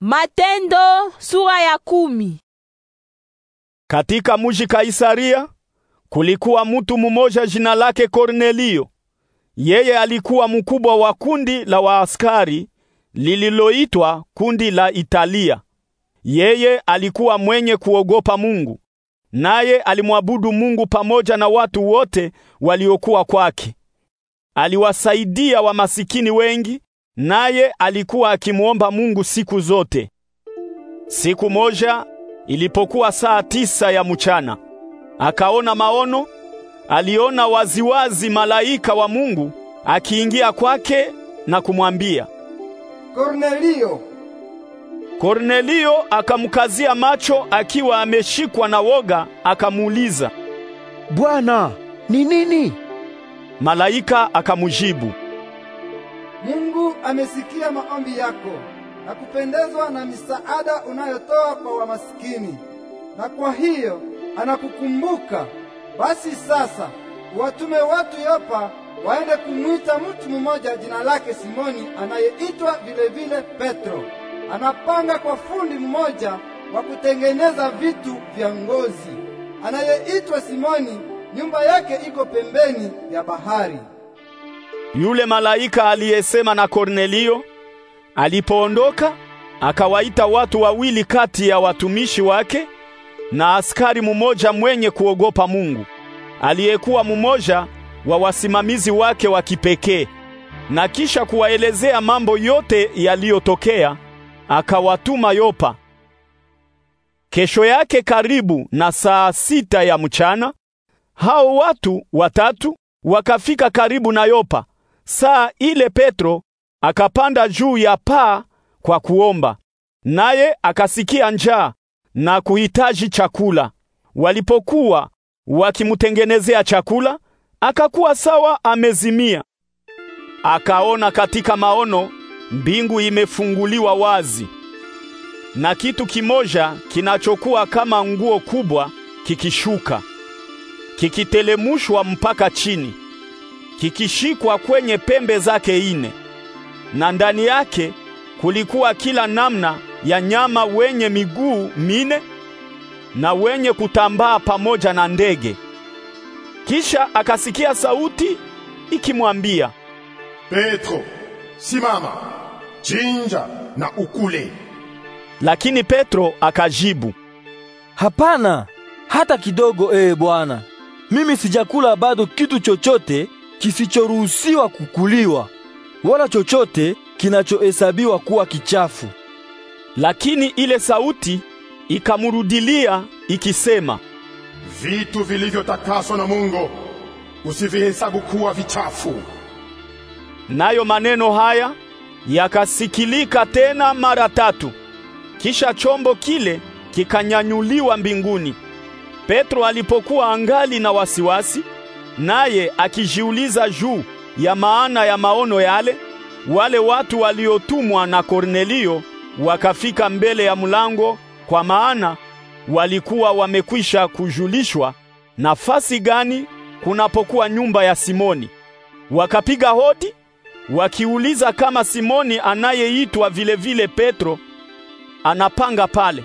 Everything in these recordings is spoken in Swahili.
Matendo sura ya kumi. Katika muji Kaisaria kulikuwa mtu mmoja jina lake Kornelio. Yeye alikuwa mkubwa wa kundi la waaskari lililoitwa kundi la Italia. Yeye alikuwa mwenye kuogopa Mungu, naye alimwabudu Mungu pamoja na watu wote waliokuwa kwake. Aliwasaidia wamasikini wengi naye alikuwa akimwomba Mungu siku zote. Siku moja ilipokuwa saa tisa ya mchana, akaona maono. Aliona waziwazi malaika wa Mungu akiingia kwake na kumwambia, Kornelio. Kornelio akamkazia macho akiwa ameshikwa na woga, akamuuliza, Bwana, ni nini? Malaika akamujibu, Mungu amesikia maombi yako na kupendezwa na misaada unayotoa kwa wamasikini, na kwa hiyo anakukumbuka. Basi sasa watume watu Yopa waende kumwita mtu mmoja jina lake Simoni anayeitwa vilevile Petro. Anapanga kwa fundi mmoja wa kutengeneza vitu vya ngozi anayeitwa Simoni. Nyumba yake iko pembeni ya bahari. Yule malaika aliyesema na Kornelio alipoondoka akawaita watu wawili kati ya watumishi wake na askari mumoja mwenye kuogopa Mungu aliyekuwa mumoja wa wasimamizi wake wa kipekee. Na kisha kuwaelezea mambo yote yaliyotokea, akawatuma Yopa. Kesho yake karibu na saa sita ya mchana, hao watu watatu wakafika karibu na Yopa Saa ile Petro akapanda juu ya paa kwa kuomba, naye akasikia njaa na kuhitaji chakula. Walipokuwa wakimtengenezea chakula, akakuwa sawa amezimia. Akaona katika maono mbingu imefunguliwa wazi na kitu kimoja kinachokuwa kama nguo kubwa kikishuka kikitelemushwa mpaka chini kikishikwa kwenye pembe zake ine na ndani yake kulikuwa kila namna ya nyama wenye miguu mine na wenye kutambaa pamoja na ndege. Kisha akasikia sauti ikimwambia, Petro, simama, chinja na ukule. Lakini Petro akajibu, hapana hata kidogo, ee Bwana, mimi sijakula bado kitu chochote kisichoruhusiwa kukuliwa wala chochote kinachohesabiwa kuwa kichafu. Lakini ile sauti ikamrudilia ikisema, vitu vilivyotakaswa na Mungu usivihesabu kuwa vichafu. Nayo maneno haya yakasikilika tena mara tatu. Kisha chombo kile kikanyanyuliwa mbinguni. Petro alipokuwa angali na wasiwasi naye akijiuliza juu ya maana ya maono yale, wale watu waliotumwa na Kornelio wakafika mbele ya mlango, kwa maana walikuwa wamekwisha kujulishwa nafasi gani kunapokuwa nyumba ya Simoni. Wakapiga hodi wakiuliza kama Simoni anayeitwa vilevile Petro anapanga pale.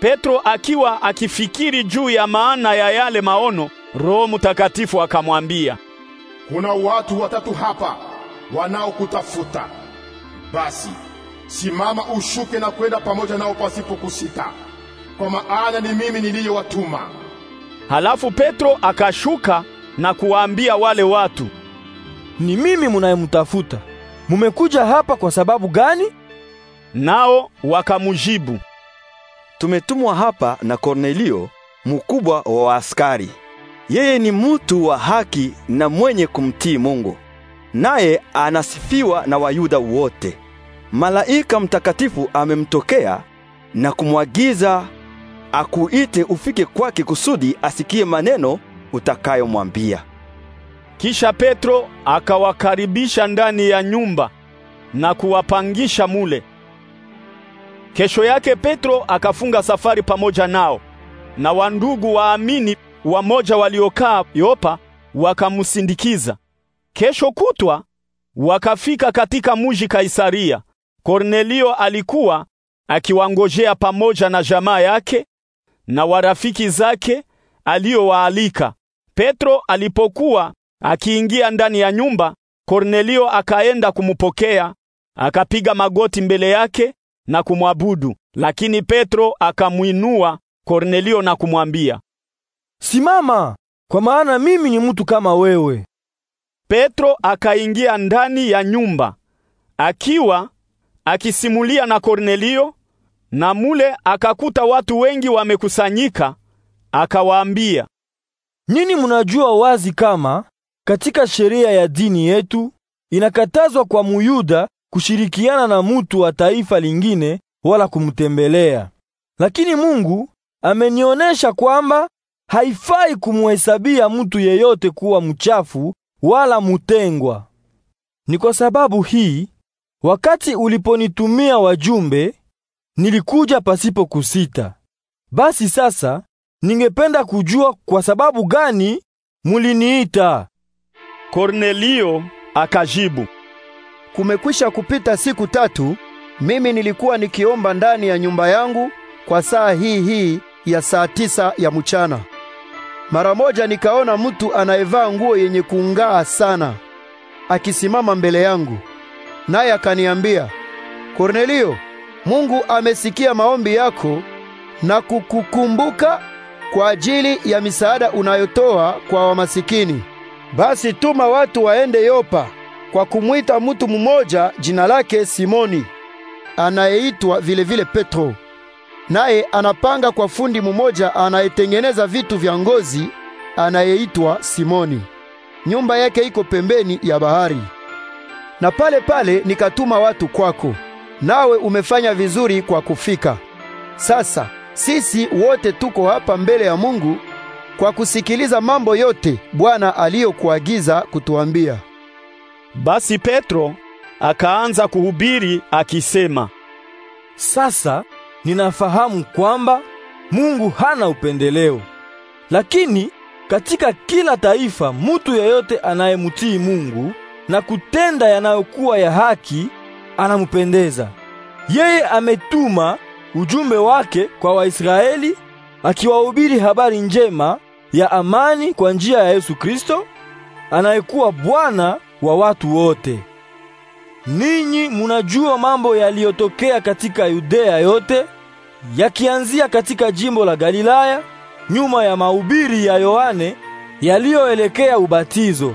Petro akiwa akifikiri juu ya maana ya yale maono Roho Mtakatifu akamwambia, kuna watu watatu hapa wanaokutafuta. Basi simama, ushuke na kwenda pamoja nao pasipo kusita, kwa maana ni mimi niliyowatuma. Halafu Petro akashuka na kuwaambia wale watu, ni mimi munayemtafuta. Mumekuja hapa kwa sababu gani? Nao wakamjibu, tumetumwa hapa na Kornelio, mkubwa wa askari. Yeye ni mtu wa haki na mwenye kumtii Mungu, naye anasifiwa na Wayuda wote. Malaika mtakatifu amemtokea na kumwagiza akuite ufike kwake kusudi asikie maneno utakayomwambia. Kisha Petro akawakaribisha ndani ya nyumba na kuwapangisha mule. Kesho yake Petro akafunga safari pamoja nao na wandugu waamini wamoja waliokaa Yopa wakamsindikiza. Kesho kutwa wakafika katika muji Kaisaria. Kornelio alikuwa akiwangojea pamoja na jamaa yake na warafiki zake aliyowaalika. Petro alipokuwa akiingia ndani ya nyumba, Kornelio akaenda kumupokea, akapiga magoti mbele yake na kumwabudu. Lakini Petro akamwinua Kornelio na kumwambia, Simama, kwa maana mimi ni mtu kama wewe. Petro akaingia ndani ya nyumba akiwa akisimulia na Kornelio, na mule akakuta watu wengi wamekusanyika. Akawaambia, nyinyi munajua wazi kama katika sheria ya dini yetu inakatazwa kwa Muyuda kushirikiana na mutu wa taifa lingine wala kumtembelea. Lakini Mungu amenionyesha kwamba haifai kumuhesabia mtu yeyote kuwa mchafu wala mutengwa. Ni kwa sababu hii, wakati uliponitumia wajumbe, nilikuja pasipo kusita. Basi sasa ningependa kujua kwa sababu gani muliniita. Kornelio akajibu, kumekwisha kupita siku tatu mimi nilikuwa nikiomba ndani ya nyumba yangu kwa saa hii hii ya saa tisa ya mchana. Mara moja nikaona mtu anayevaa nguo yenye kung'aa sana akisimama mbele yangu, naye akaniambia, Kornelio, Mungu amesikia maombi yako na kukukumbuka kwa ajili ya misaada unayotoa kwa wamasikini. Basi tuma watu waende Yopa kwa kumwita mtu mmoja jina lake Simoni anayeitwa vilevile Petro naye anapanga kwa fundi mmoja anayetengeneza vitu vya ngozi anayeitwa Simoni. Nyumba yake iko pembeni ya bahari. Na pale pale nikatuma watu kwako, nawe umefanya vizuri kwa kufika. Sasa sisi wote tuko hapa mbele ya Mungu kwa kusikiliza mambo yote Bwana aliyokuagiza kutuambia. Basi Petro akaanza kuhubiri akisema, sasa ninafahamu kwamba Mungu hana upendeleo. Lakini katika kila taifa mutu yeyote anayemtii Mungu na kutenda yanayokuwa ya haki anampendeza yeye. Ametuma ujumbe wake kwa Waisraeli akiwahubiri habari njema ya amani kwa njia ya Yesu Kristo anayekuwa Bwana wa watu wote. Ninyi munajua mambo yaliyotokea katika Yudea yote, yakianzia katika jimbo la Galilaya, nyuma ya mahubiri ya Yohane yaliyoelekea ubatizo.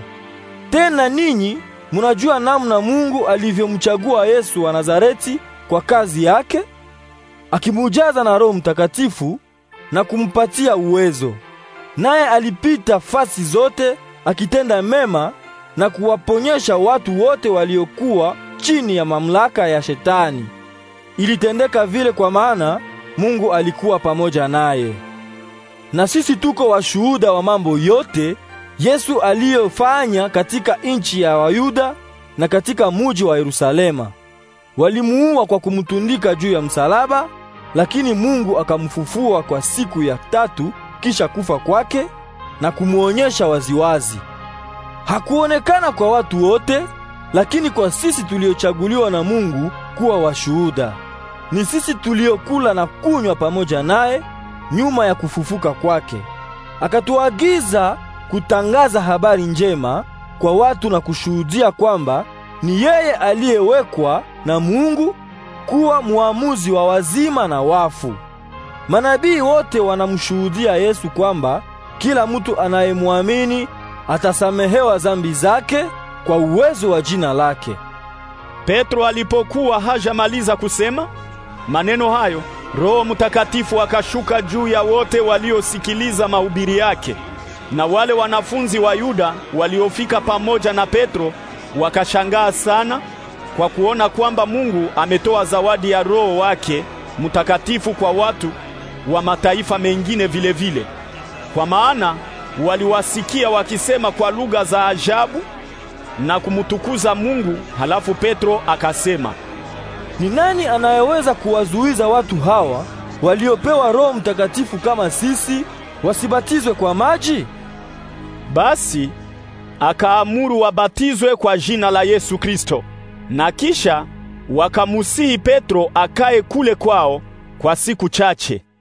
Tena ninyi munajua namna Mungu alivyomchagua Yesu wa Nazareti kwa kazi yake, akimujaza na Roho Mtakatifu na kumpatia uwezo. Naye alipita fasi zote akitenda mema na kuwaponyesha watu wote waliokuwa chini ya mamlaka ya Shetani. Ilitendeka vile kwa maana Mungu alikuwa pamoja naye. Na sisi tuko washuhuda wa mambo yote Yesu aliyofanya katika nchi ya Wayuda na katika muji wa Yerusalema. Walimuua kwa kumtundika juu ya msalaba, lakini Mungu akamfufua kwa siku ya tatu kisha kufa kwake na kumuonyesha waziwazi. Hakuonekana kwa watu wote lakini kwa sisi tuliochaguliwa na Mungu kuwa washuhuda. Ni sisi tuliokula na kunywa pamoja naye nyuma ya kufufuka kwake. Akatuagiza kutangaza habari njema kwa watu na kushuhudia kwamba ni yeye aliyewekwa na Mungu kuwa muamuzi wa wazima na wafu. Manabii wote wanamshuhudia Yesu kwamba kila mtu anayemwamini atasamehewa dhambi zake kwa uwezo wa jina lake. Petro alipokuwa hajamaliza kusema maneno hayo, Roho Mtakatifu akashuka juu ya wote waliosikiliza mahubiri yake. Na wale wanafunzi wa Yuda waliofika pamoja na Petro wakashangaa sana kwa kuona kwamba Mungu ametoa zawadi ya Roho wake Mtakatifu kwa watu wa mataifa mengine vile vile. Kwa maana waliwasikia wakisema kwa lugha za ajabu na kumtukuza Mungu. Halafu Petro akasema, ni nani anayeweza kuwazuiza watu hawa waliopewa Roho Mtakatifu kama sisi wasibatizwe kwa maji? Basi akaamuru wabatizwe kwa jina la Yesu Kristo, na kisha wakamusihi Petro akae kule kwao kwa siku chache.